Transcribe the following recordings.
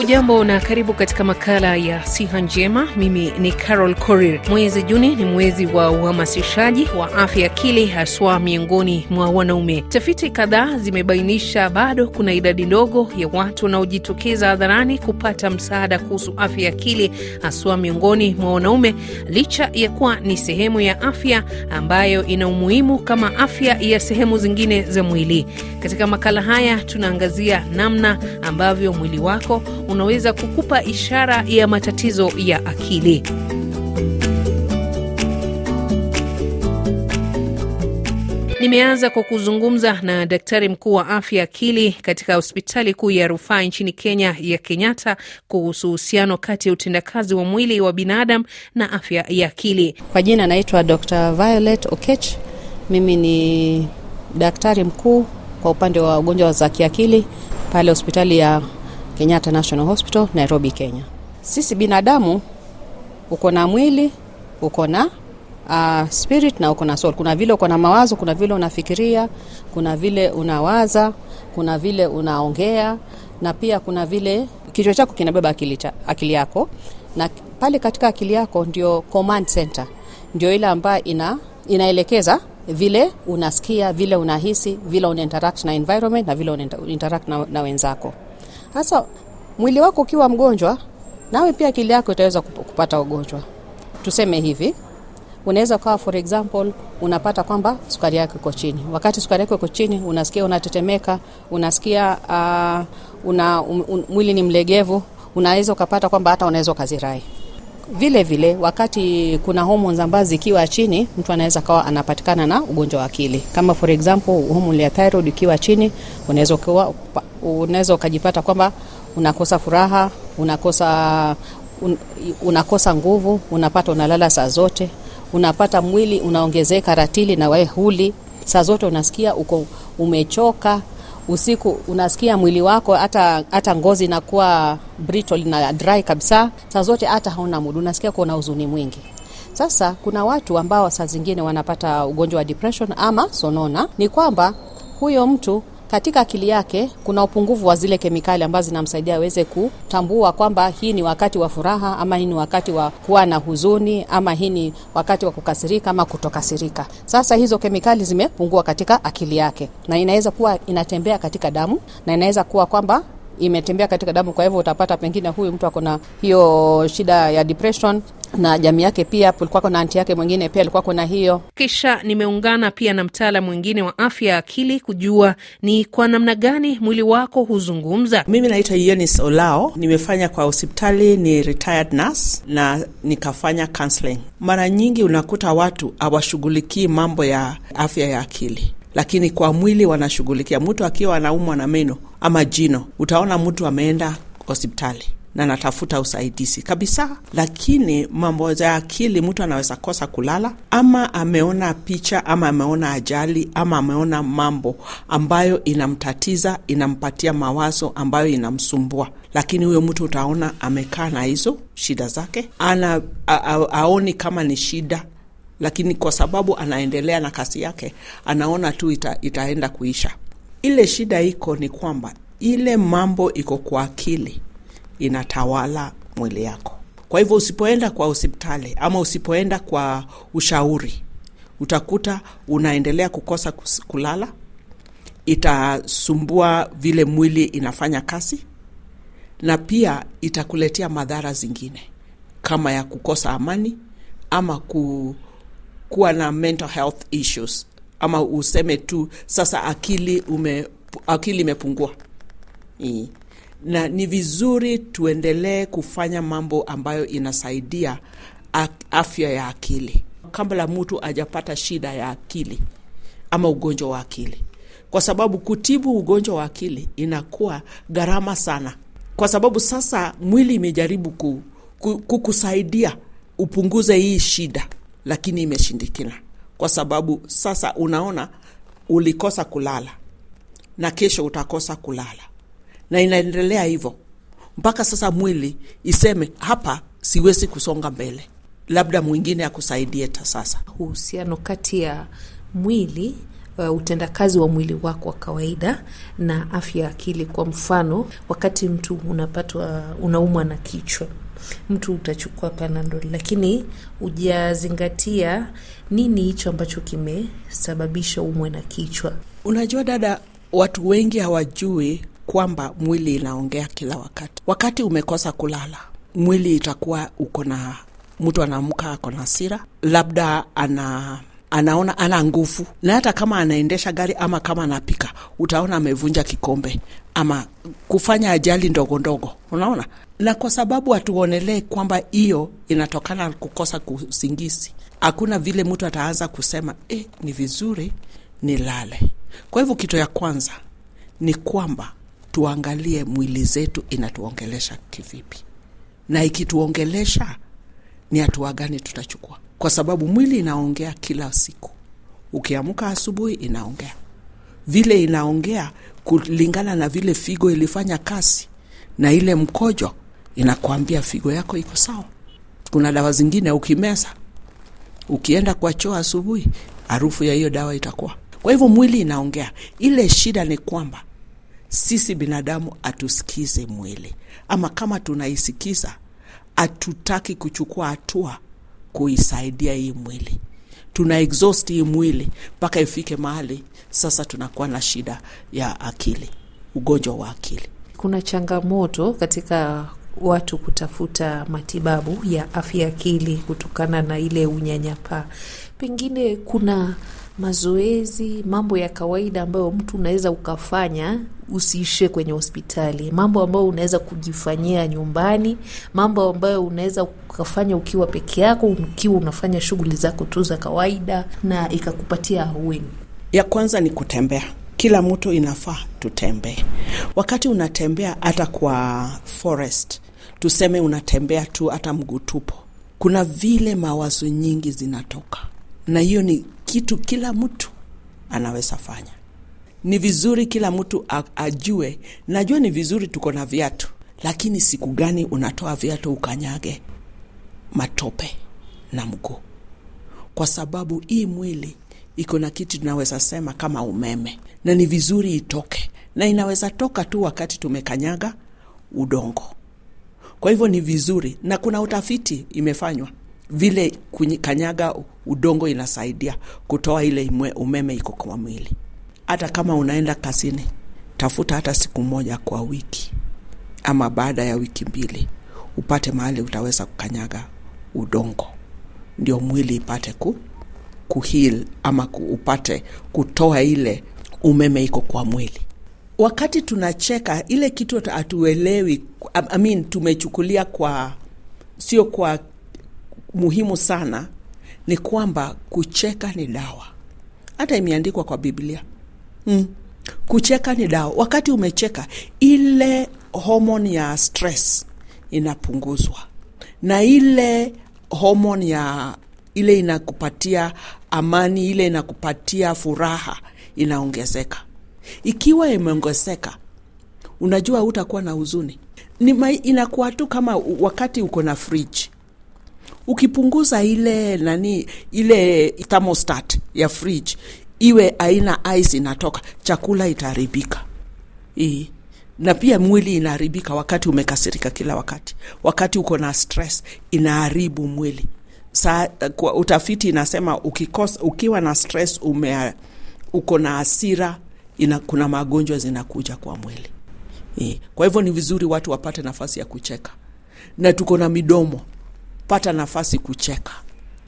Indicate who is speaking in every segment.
Speaker 1: Hujambo na karibu katika makala ya siha njema. Mimi ni Carol corir Mwezi Juni ni mwezi wa uhamasishaji wa afya akili, haswa miongoni mwa wanaume. Tafiti kadhaa zimebainisha bado kuna idadi ndogo ya watu wanaojitokeza hadharani kupata msaada kuhusu afya akili, haswa miongoni mwa wanaume, licha ya kuwa ni sehemu ya afya ambayo ina umuhimu kama afya ya sehemu zingine za mwili. Katika makala haya tunaangazia namna ambavyo mwili wako unaweza kukupa ishara ya matatizo ya akili. Nimeanza kwa kuzungumza na daktari mkuu wa afya akili katika hospitali kuu ya rufaa nchini Kenya ya Kenyatta kuhusu uhusiano kati ya utendakazi wa mwili wa binadamu na afya ya akili.
Speaker 2: Kwa jina naitwa Dr. Violet Okech. Mimi ni daktari mkuu kwa upande wa ugonjwa za kiakili pale hospitali ya Kenyatta National Hospital, Nairobi, Kenya. Sisi binadamu uko na mwili, uko na uh, spirit na uko na soul. Kuna vile uko na mawazo, kuna vile unafikiria, kuna vile unawaza, kuna vile unaongea na pia kuna vile kichwa chako kinabeba akili, cha, akili yako na pale katika akili yako ndio command center, ndio ile ambayo ina, inaelekeza vile unasikia, vile unahisi, vile una interact na environment na vile una interact na, na wenzako. Sasa mwili wako ukiwa mgonjwa, nawe pia akili yako itaweza kupata ugonjwa. Tuseme hivi, unaweza ukawa for example unapata kwamba sukari yako iko chini. Wakati sukari yako iko chini, unasikia unatetemeka, unasikia uh, una, um, um, mwili ni mlegevu, unaweza ukapata kwamba hata unaweza ukazirai. Vile vile wakati kuna homoni ambazo zikiwa chini, mtu anaweza kawa anapatikana na ugonjwa wa akili, kama for example homoni ya thyroid ikiwa chini, unaweza kuwa unaweza ukajipata kwamba unakosa furaha, unakosa un, unakosa nguvu, unapata unalala saa zote, unapata mwili unaongezeka ratili na wewe huli saa zote, unasikia uko umechoka usiku unasikia mwili wako hata hata ngozi inakuwa brittle na dry kabisa, saa zote hata hauna mudu, unasikia kuna huzuni mwingi. Sasa kuna watu ambao saa zingine wanapata ugonjwa wa depression ama sonona, ni kwamba huyo mtu katika akili yake kuna upungufu wa zile kemikali ambazo zinamsaidia aweze kutambua kwamba hii ni wakati wa furaha ama hii ni wakati wa kuwa na huzuni ama hii ni wakati wa kukasirika ama kutokasirika. Sasa hizo kemikali zimepungua katika akili yake, na inaweza kuwa inatembea katika damu na inaweza kuwa kwamba imetembea katika damu. Kwa hivyo utapata pengine huyu mtu ako na hiyo shida ya depression na jamii yake pia, kulikuwa na anti yake mwingine pia alikuwa na hiyo.
Speaker 1: Kisha nimeungana pia na mtaalamu mwingine wa afya ya akili kujua ni kwa namna gani mwili wako huzungumza.
Speaker 3: Mimi naitwa Eunice Olao, nimefanya kwa hospitali, ni retired nurse na nikafanya counseling. Mara nyingi unakuta watu hawashughulikii mambo ya afya ya akili lakini kwa mwili wanashughulikia. Mtu akiwa anaumwa na meno ama jino, utaona mtu ameenda hospitali na natafuta usaidizi kabisa, lakini mambo ya akili, mtu anaweza kosa kulala, ama ameona picha, ama ameona ajali, ama ameona mambo ambayo inamtatiza, inampatia mawazo ambayo inamsumbua. Lakini huyo mtu utaona amekaa na hizo shida zake, ana aoni kama ni shida, lakini kwa sababu anaendelea na kazi yake, anaona tu ita, itaenda kuisha. Ile shida iko ni kwamba ile mambo iko kwa akili inatawala mwili yako. Kwa hivyo usipoenda kwa hospitali ama usipoenda kwa ushauri, utakuta unaendelea kukosa kulala, itasumbua vile mwili inafanya kazi, na pia itakuletea madhara zingine kama ya kukosa amani ama ku, kuwa na mental health issues ama useme tu sasa akili ume, akili imepungua na ni vizuri tuendelee kufanya mambo ambayo inasaidia afya ya akili kabla mtu ajapata shida ya akili ama ugonjwa wa akili, kwa sababu kutibu ugonjwa wa akili inakuwa gharama sana, kwa sababu sasa mwili imejaribu ku, ku, kukusaidia upunguze hii shida, lakini imeshindikana kwa sababu sasa unaona ulikosa kulala na kesho utakosa kulala, na inaendelea hivyo mpaka sasa mwili iseme hapa siwezi kusonga mbele, labda mwingine akusaidie. Ta sasa uhusiano kati ya
Speaker 1: mwili Uh, utendakazi wa mwili wako wa kawaida na afya ya akili. Kwa mfano, wakati mtu unapatwa, unaumwa na kichwa mtu utachukua panadol, lakini hujazingatia nini hicho ambacho
Speaker 3: kimesababisha umwe na kichwa. Unajua dada, watu wengi hawajui kwamba mwili inaongea kila wakati. Wakati umekosa kulala, mwili itakuwa uko na mtu anaamka ako na sira, labda ana anaona ana nguvu, na hata kama anaendesha gari ama kama anapika, utaona amevunja kikombe ama kufanya ajali ndogo ndogo, unaona. Na kwa sababu hatuonelee kwamba hiyo inatokana kukosa kusingizi, hakuna vile mtu ataanza kusema eh, ni vizuri nilale. Kwa hivyo kitu ya kwanza ni kwamba tuangalie mwili zetu inatuongelesha kivipi, na ikituongelesha ni hatua gani tutachukua kwa sababu mwili inaongea kila siku. Ukiamka asubuhi inaongea vile, inaongea kulingana na vile figo ilifanya kazi na ile mkojo inakwambia figo yako iko sawa. Kuna dawa zingine ukimeza, ukienda kwa choo asubuhi, harufu ya hiyo dawa itakuwa. Kwa hivyo mwili inaongea. Ile shida ni kwamba sisi binadamu atusikize mwili, ama kama tunaisikiza hatutaki kuchukua hatua kuisaidia hii mwili tuna exhaust hii mwili mpaka ifike mahali sasa tunakuwa na shida ya akili, ugonjwa wa akili.
Speaker 1: Kuna changamoto katika watu kutafuta matibabu ya afya akili kutokana na ile unyanyapaa. Pengine kuna mazoezi, mambo ya kawaida ambayo mtu unaweza ukafanya usiishie kwenye hospitali, mambo ambayo unaweza kujifanyia nyumbani, mambo ambayo unaweza ukafanya ukiwa peke yako, ukiwa unafanya shughuli zako tu za kawaida, na ikakupatia
Speaker 3: ahueni. Ya kwanza ni kutembea. Kila mtu inafaa tutembee. Wakati unatembea hata kwa forest, tuseme unatembea tu hata mguu tupo, kuna vile mawazo nyingi zinatoka, na hiyo ni kitu kila mtu anaweza fanya ni vizuri kila mtu ajue. Najua ni vizuri tuko na viatu, lakini siku gani unatoa viatu ukanyage matope na mguu? Kwa sababu hii mwili iko na kitu tunaweza sema kama umeme, na ni vizuri itoke, na inaweza toka tu wakati tumekanyaga udongo. Kwa hivyo ni vizuri, na kuna utafiti imefanywa vile kanyaga udongo inasaidia kutoa ile umeme iko kwa mwili. Hata kama unaenda kazini, tafuta hata siku moja kwa wiki ama baada ya wiki mbili, upate mahali utaweza kukanyaga udongo, ndio mwili ipate ku kuheal ama upate kutoa ile umeme iko kwa mwili. Wakati tunacheka ile kitu hatuelewi, I mean, tumechukulia kwa sio kwa muhimu sana, ni kwamba kucheka ni dawa. Hata imeandikwa kwa Biblia mm. Kucheka ni dawa. Wakati umecheka, ile homoni ya stress inapunguzwa na ile homoni ya ile inakupatia amani, ile inakupatia furaha inaongezeka. Ikiwa imeongezeka, unajua utakuwa na huzuni. Ni inakuwa tu kama wakati uko na fridge ukipunguza ile nani ile thermostat ya fridge iwe aina ice inatoka, chakula itaharibika na pia mwili inaharibika wakati umekasirika kila wakati, wakati uko na stress inaharibu mwili. Sa, kwa utafiti inasema ukikos, ukiwa na stress ume, uko na asira ina, kuna magonjwa zinakuja kwa mwili Hii. Kwa hivyo ni vizuri watu wapate nafasi ya kucheka, na tuko na midomo, pata nafasi kucheka.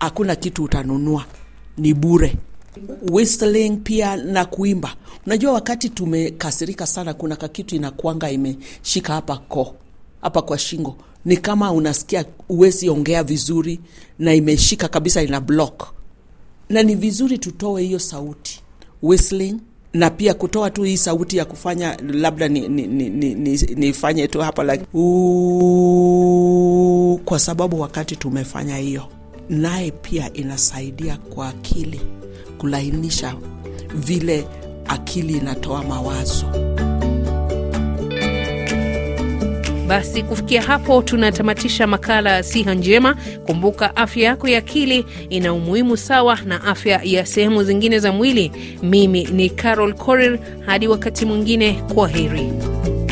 Speaker 3: Hakuna kitu utanunua, ni bure whistling pia na kuimba. Unajua, wakati tumekasirika sana, kuna kakitu inakwanga imeshika hapa ko hapa kwa shingo, ni kama unasikia uwezi ongea vizuri, na imeshika kabisa, ina block. Na ni vizuri tutoe hiyo sauti whistling, na pia kutoa tu hii sauti ya kufanya labda nifanye ni, ni, ni, ni tu hapa like uu, kwa sababu wakati tumefanya hiyo naye pia inasaidia kwa akili kulainisha vile akili inatoa mawazo.
Speaker 1: Basi kufikia hapo tunatamatisha makala ya siha njema. Kumbuka, afya yako ya akili ina umuhimu sawa na afya ya sehemu zingine za mwili. Mimi ni Carol corer hadi wakati mwingine, kwa heri.